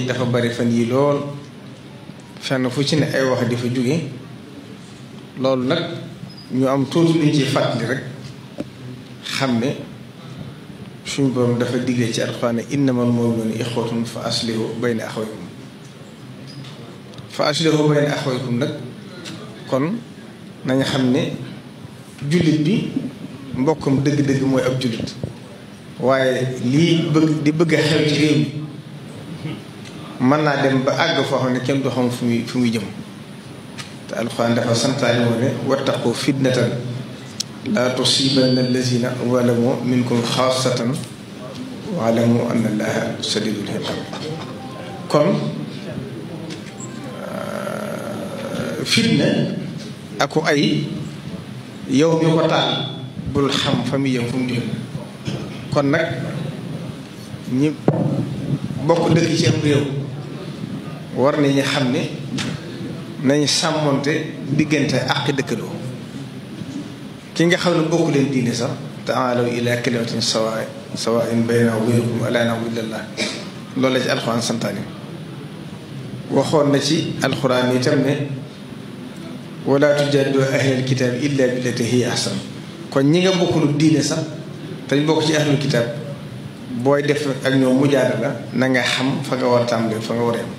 dafa bari fan yii lool fenn fu ci ne ay wax di fa jóge loolu nag ñu am tuuti luñ ci fàttali rek xam ne suñ borom dafa digle ci alxuraan innamal mu'minuuna ixwatun fa aslihu bayna axawaykum fa aslihu bayna axawaykum nag kon nañ xam ne jullit bi mbokkam dëgg-dëgg mooy ab jullit waaye lii bëgg di bëgg xew ci réew mi mën naa dem ba àgg foo xam ne kenn du xam fu muy fu muy jëm te alxuraan dafa santaane woon ne wattaqu fitnatan laa tusibanna allazina walamu minkum xaasatan waalamu anna allaha sadidul xiqam kon fitna aku ay yow mi ko taal bul xam fa muy yëm fu mu jëm kon nag ñi bokk dëkk ci am réew war nañu xam ni nañ sàmmonte diggante àqi dëkkandoo ki nga xam ne bokku leen diine sax taalaw ila kalimatin sawa sawain baynana wa baynakum alla na'budu illa llah loolu la ci alxuraan santaani waxoon na ci alxuraan itam ne wala tujaadilu ahlal kitaab illa billati hiya ahsan kon ñi nga bokkul diine sax dañ bokk ci ahlul kitaab booy def ak ñoom mujaadala na nga xam fa nga war a tàmbalee fa nga war a yem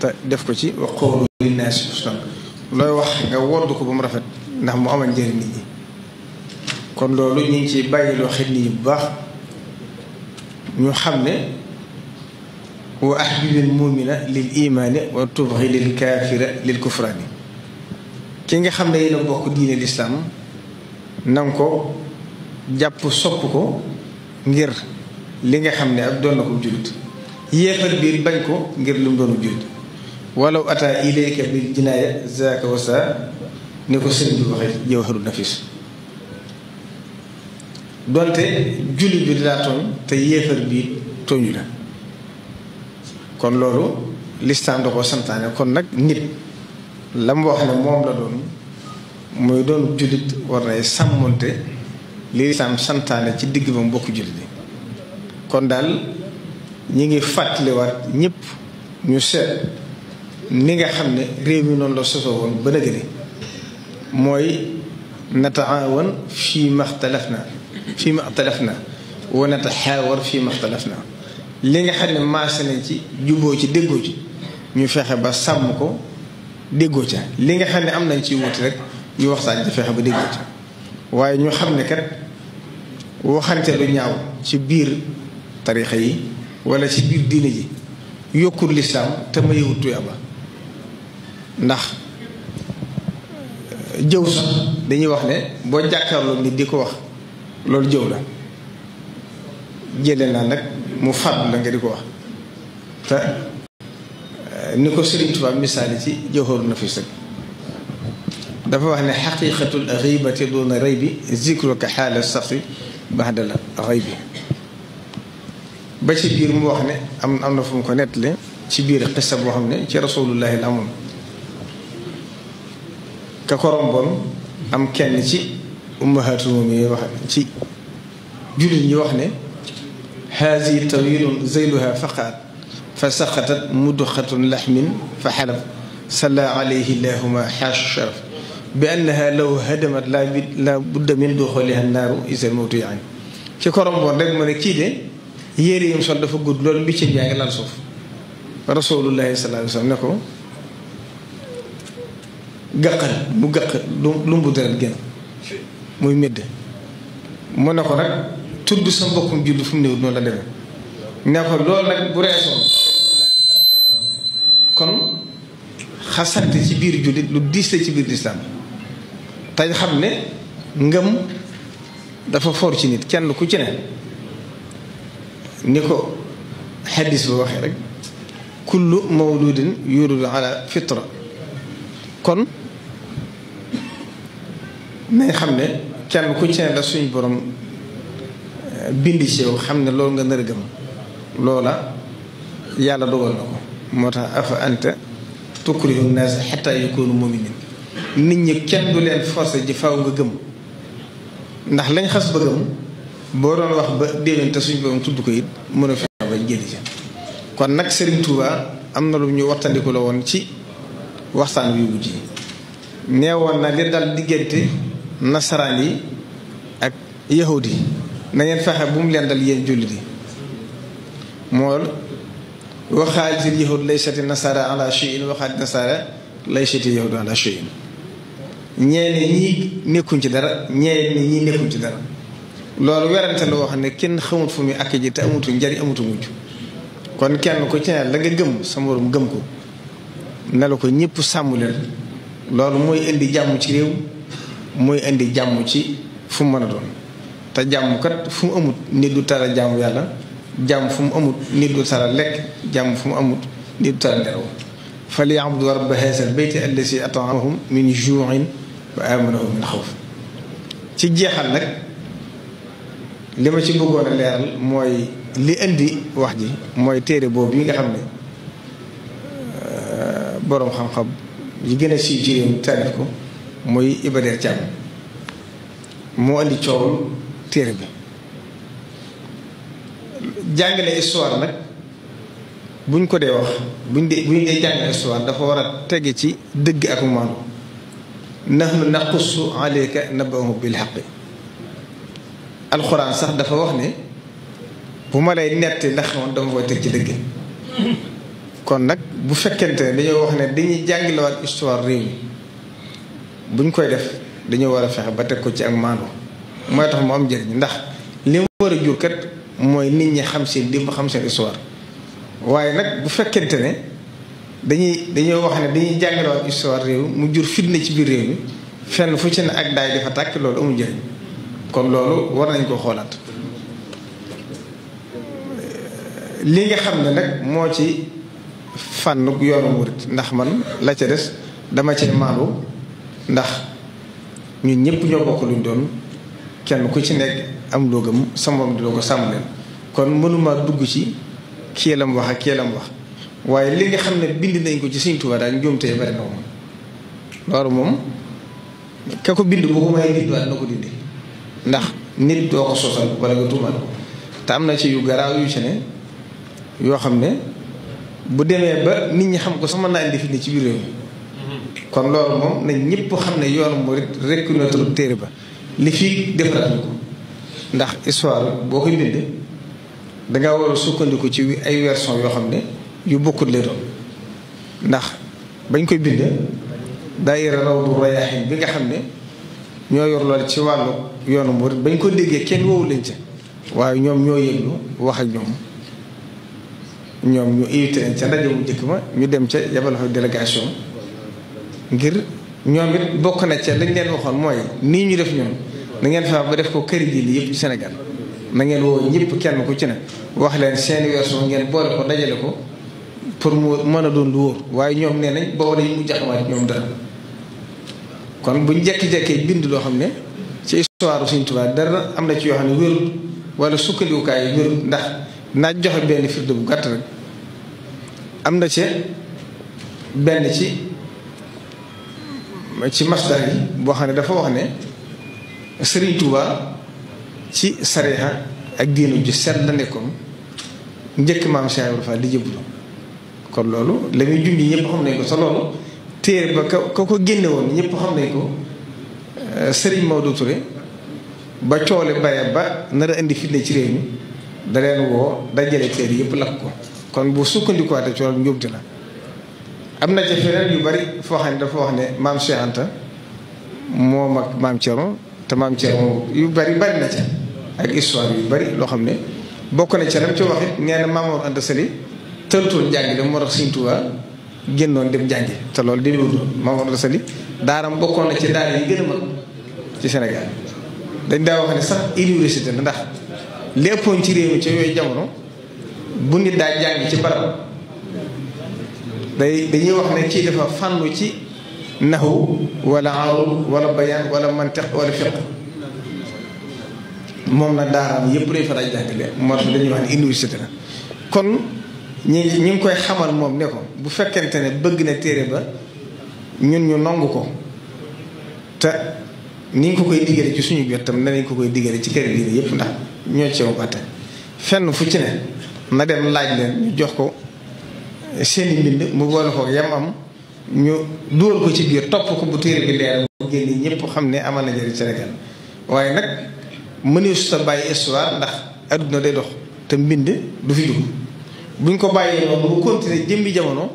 te def ko ci wax qawlu linnaasi husnan looy wax nga wodd ko ba mu rafet ndax mu amal njëriñ nit ñi kon loolu ñu ngi ci bàyyiloo xel nit ñi bu baax ñu xam ne wa ahbibil mumina lil imaani wa tubxi lil kaafira lil kufraani ki nga xam ne yéen a bokk diine lislaam nanga ko jàpp sopp ko ngir li nga xam ne ak doon na ko jullit yéefar biir bañ ko ngir lu mu doonu jullit walaw ataa ilayka bil jinaaya zaaka wasa ni ko sëriñ bi waxee jawharu nafis donte jullit bi daa te yéefar bi tooñu la kon loolu lislaam da ko santaane kon nag nit la mu wax ne moom la doon muy doon jullit war nay sàmmonte li lislaam santaane ci digg ba mu bokk jullit bi kon daal ñi ngi fàttaliwaat ñëpp ñu seet نيجا خمّن ريمون الله سبحانه بنادري موي نتعاون في ما اختلفنا في ما اختلفنا ونتحاور في ما اختلفنا لينجا خمّن ما سنجي جبوجي دعوجي نفخ بسامكو دعوجا لينجا خمّن أمنا نجي وترك يوخس على دفع بدعوجا واي نخمّن كر وخانت بنياو تبير تاريخي ولا تبير ديني يكل الإسلام تميوتو يا بابا ndax jëw su dañuy wax ne boo jàkkarloo nit di ko wax loolu jëw la jële naa nag mu fàdd la nga di ko wax te eh, ni ko Sëriñ Tuubaa misaali ci Jawharu Nafiis rek dafa wax ne xaqiiqatul xiibati duna rëy bi zikruka xaala saxti baxda la rëy bi ba ci biir mu wax ne am am na fu mu ko nettali ci biir xisa boo xam ne ci rasulullahi la amoon كقربان أم كان شيء أمها تومي شيء جلني وحنا هذه طويل زيلها فقط فسقطت مدخة لحم فحلف سلا عليه الله ما حاش الشرف بأنها لو هدمت لا بد من دخولها النار إذا الموت يعني كقرم بردك من أكيد يري يمسل فقد لون بيشن يعني الله رسول الله صلى الله عليه وسلم نقول gàqal mu gëq lu lumbu deret génn muy médd mu ne ko rek tudd sa mbokkum julli fu mu néew noonu la demee ne ko loolu nag bu reesoon kon xasante ci biir jullit lu diis la ci biir lislaam tey xam ne ngëm dafa for ci nit kenn ku ci ne ni ko xaddis ba waxee rek kullu mawludin yuladu ala fitra kon nañ xam ne kenn ku ci ne la suñu boroom eh, bindi ci xam ne loolu nga nar gëm loola yàlla dogal na ko moo tax afa anta tukrihu naas xataa yakunu muminin nit ñi kenn du leen forcé ji faw nga gëm ndax lañ xas ba gëm boo doon wax ba déwén suñ suñu borom tudd ko it mën a fexe ba jëli ca kon nag sëriñ Touba am na lu ñu wattandiku la woon ci waxsaan wi wujj neewoon na li dal diggante nasaraan yi ak yahud yi na ngeen fexe bu mu leen dal yéen jullit yi mool waxaalitil yahud laysati nasara ala shay'in waxaalit nasara laysati yahud ala shay'in ñeene ñi nekkuñ ci dara ñeene ñi nekkuñ ci dara loolu werante la wax ne kenn xamut fu muy ak ji te amutu njariñ amutu mujj kon kenn ku ci ne la nga gëm sa morom gëm ko ne ko ñépp sàmm leen loolu mooy indi jàmm ci réew mooy indi jàmm ci fu mu mën a doon te jàmm kat fu mu amut nit du tara jàmm yàlla jàmm fu mu amut nit du tara lekk jàmm fu mu amut nit du tara nelaw falya'budu rabba haazal bayti allazi at'amahum min juu'in wa aamanahum min xawf ci jeexal nag li ma ci bëggoon a leeral mooy li indi wax ji mooy téere boobu yi nga xam ne euh, boroom xam-xam yi gën a siiw ci réew mi taalif ko muy Iba Der Thiam moo indi coowul téere bi jàngale histoire nag buñ ko dee wax buñ dee buñ dee jàngale histoire dafa war a tege ci dëgg ak maandu nahnu naqussu alayka nabahum bil xaqi alxuraan sax dafa wax ne bu ma lay netti ndax moom dama koy teg ci dëgg kon nag bu fekkente ne dañoo wax ne dañuy jàngalewaat histoire réew mi buñ koy def dañoo war a fexe ba teg ko ci ak maandu mooy tax mu am njëriñ ndax li mu war a jur kat mooy nit ñi xam seen démb xam seen histoire waaye nag bu fekkente ne dañuy dañoo wax ne dañuy jàngalewaat histoire réew mu jur fitna ci biir réew mi fenn fu ci ne ak daay dafa tàkk loolu amul njëriñ kon loolu war nañ ko xoolaat li nga xam ne nag moo ci fànn yoonu murit ndax man la ca des dama ci maandu ndax ñun ñëpp ñoo bokk luñ doon kenn ku ci nekk am loo gëm sa morom di loo ko sàmm leen kon mënuma dugg ci kéelam wax ak kéelam wax waaye li xam ne bind nañ ko ci Sëriñ Tuubaa daal njuumtee bari na moom loolu moom ka bind boo ko may nit waat ko dindi ndax nit doo ko soosal wala nga tuumal te am na ci yu garaaw yu ci ne yoo xam ne bu demee ba nit ñi xam ko sama naan defi ne ci biir réew kon loolu moom nañ ñëpp xam ne yoonu murit reconnaître téere ba li fii defaraat ko ndax histoire boo koy bind danga war a sukkandiku ci ay version yoo xam ne yu bokkut lay doon ndax bañ koy bind daayira Rawdu bi nga xam ne ñoo yor loolu ci wàllu yoonu murit bañ ko déggee kenn woowu lañ ca waaye ñoom ñoo yëglu wax ak ñoom ñoom ñu invité ca ndaje mu njëkk ma ñu dem ca yabal fa délégation ngir ñoom it bokk na ca lañ leen waxoon mooy nii ñu def ñoom na ngeen fexe ba def ko kër gi lii yëpp ci Sénégal na ngeen woo ñëpp kenn ku ci ne wax leen seen weesu ngeen boole ko dajale ko pour mu mën a doon lu wóor waaye ñoom nee nañ booba dañu mu jaxawaat ñoom dara kon buñ jekki-jekkee bind loo xam ne ci histoire Sëriñ Tuubaa dara am na ci yoo xam ne wérul wala sukkandikukaay wérul ndax naaj joxe benn fird bu gàtt rek am na ci benn ci ci masdar yi boo xam ne dafa wax ne Serigne Touba ci sareexa ak diinu ju set la nekkoon njëkk maam Cheikh Ibrahima Fall di jëblu kon loolu la muy junj ñëpp xam nañ ko te loolu téere ba ka ko génne woon ñëpp xam nañ ko euh, Serigne Maodo Touré ba coole bare ba nar a indi fitne ci réew mi da leen woo dajale téere yëpp lakk ko kon bu sukkandikuwaatee coole njuumte la. am na ca feneen yu bari foo xam ne dafa wax ne maam Cheikh Anta moom ak maam Thierno te maam Thierno yu bari bari na ca ak histoire yu bari loo xam ne bokk na ca ci wax it nee na Mamour Anta Sali tëntoon njàng dem moo tax Sëriñ Tuubaa génnoon dem jàngi te loolu di wut Mamour Anta Sali daaram bokkoon na ci daara yi gën a mag ci Sénégal dañ daa wax ne sax université na ndax léppoon ci réew mi ca yooyu jamono bu nit daa jàng ci barab day dañuy wax ne kii dafa fànnu ci naxu wala arud wala bayaan wala mantiq wala fiq moom na daaraam yëpp day faral jàngale moo tax dañuy wax ne université la kon ñi ñu ngi koy xamal moom ne ko bu fekkente ne bëgg na téere ba ñun ñu nongu ko te ni ñu ko koy diggale ci suñu biir tam nañ ko koy diggale ci kër diine yëpp ndax ñoo ci atte fenn fu ci ne na dem laaj leen ñu jox ko seeni mbind mu boole ko yam am ñu dugal ko ci biir topp ko bu téere bi leer bu génnee ñëpp xam ne amal na njëriñ Sénégal waaye nag mënee su sa bàyyi histoire ndax adduna day dox te mbind du fi dugg buñ ko bàyyee noonu bu continuer jëmbi jamono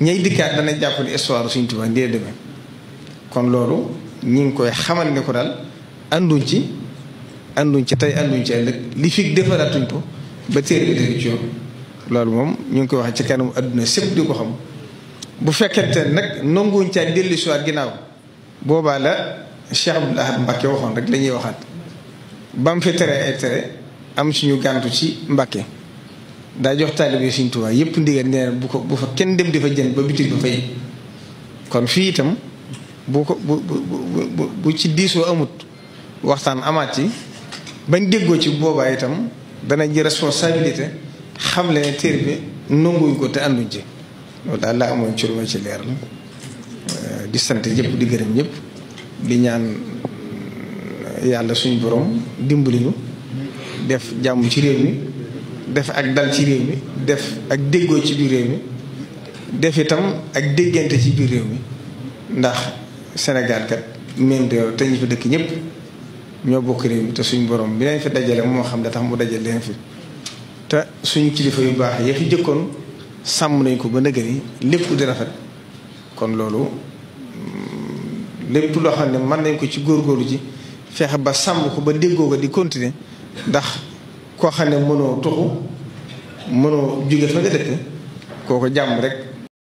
ñay dikkaat dana jàpp ne histoire suñu Tuubaa ndee demee kon loolu ñu ngi koy xamal ne ko daal ànduñ ci ànduñ ci tey ànduñ ci ëllëg li fi defaraatuñ ko ba téere bi def ci yoon loolu moom ñu ngi koy wax ci kanam àdduna sépp di ko xam bu fekkente nag nanguwuñ caa dellu si ginnaaw boobaa la Cheikh Abdoul Ahad Mbacke waxoon rek la waxaat ba fi tere ay tere am suñu gàntu ci Mbacke daa jox taalibe Sëriñ Tuubaa yëpp ndigal nee bu ko bu fa kenn dem di fa jën ba bitig ba fay kon fii itam bu ko bu bu bu ci diisoo amut waxtaan amaat ci bañ déggoo ci boobaa itam dana ji responsabilité xam le ne téere bi nanguñ ko te ànduñ ci loolu daal laa amoon ci ci leer la euh, di sant ñëpp di gërëm ñépp di ñaan euh, yàlla suñu boroom dimbali ñu def jàmm ci réew mi def ak dal ci réew mi def ak déggoo ci biir réew mi def itam ak déggante ci biir réew mi ndax Sénégal kat même réew te ñu fi dëkk ñëpp ñoo bokk réew mi te suñu borom bi leen fi dajale moo xam ne tax mu dajale leen fi. te suñu kilifa yu baax yi fi jëkkoon sàmm nañ ko ba nëgëri lépp di rafet kon loolu lépp loo xam ne mën nañ ko ci góorgóorlu ji fexe ba sàmm ko ba déggoo ko di continuer ndax koo xam ne mënoo tuxu mënoo jóge fa nga dëkk kooko jàmm rek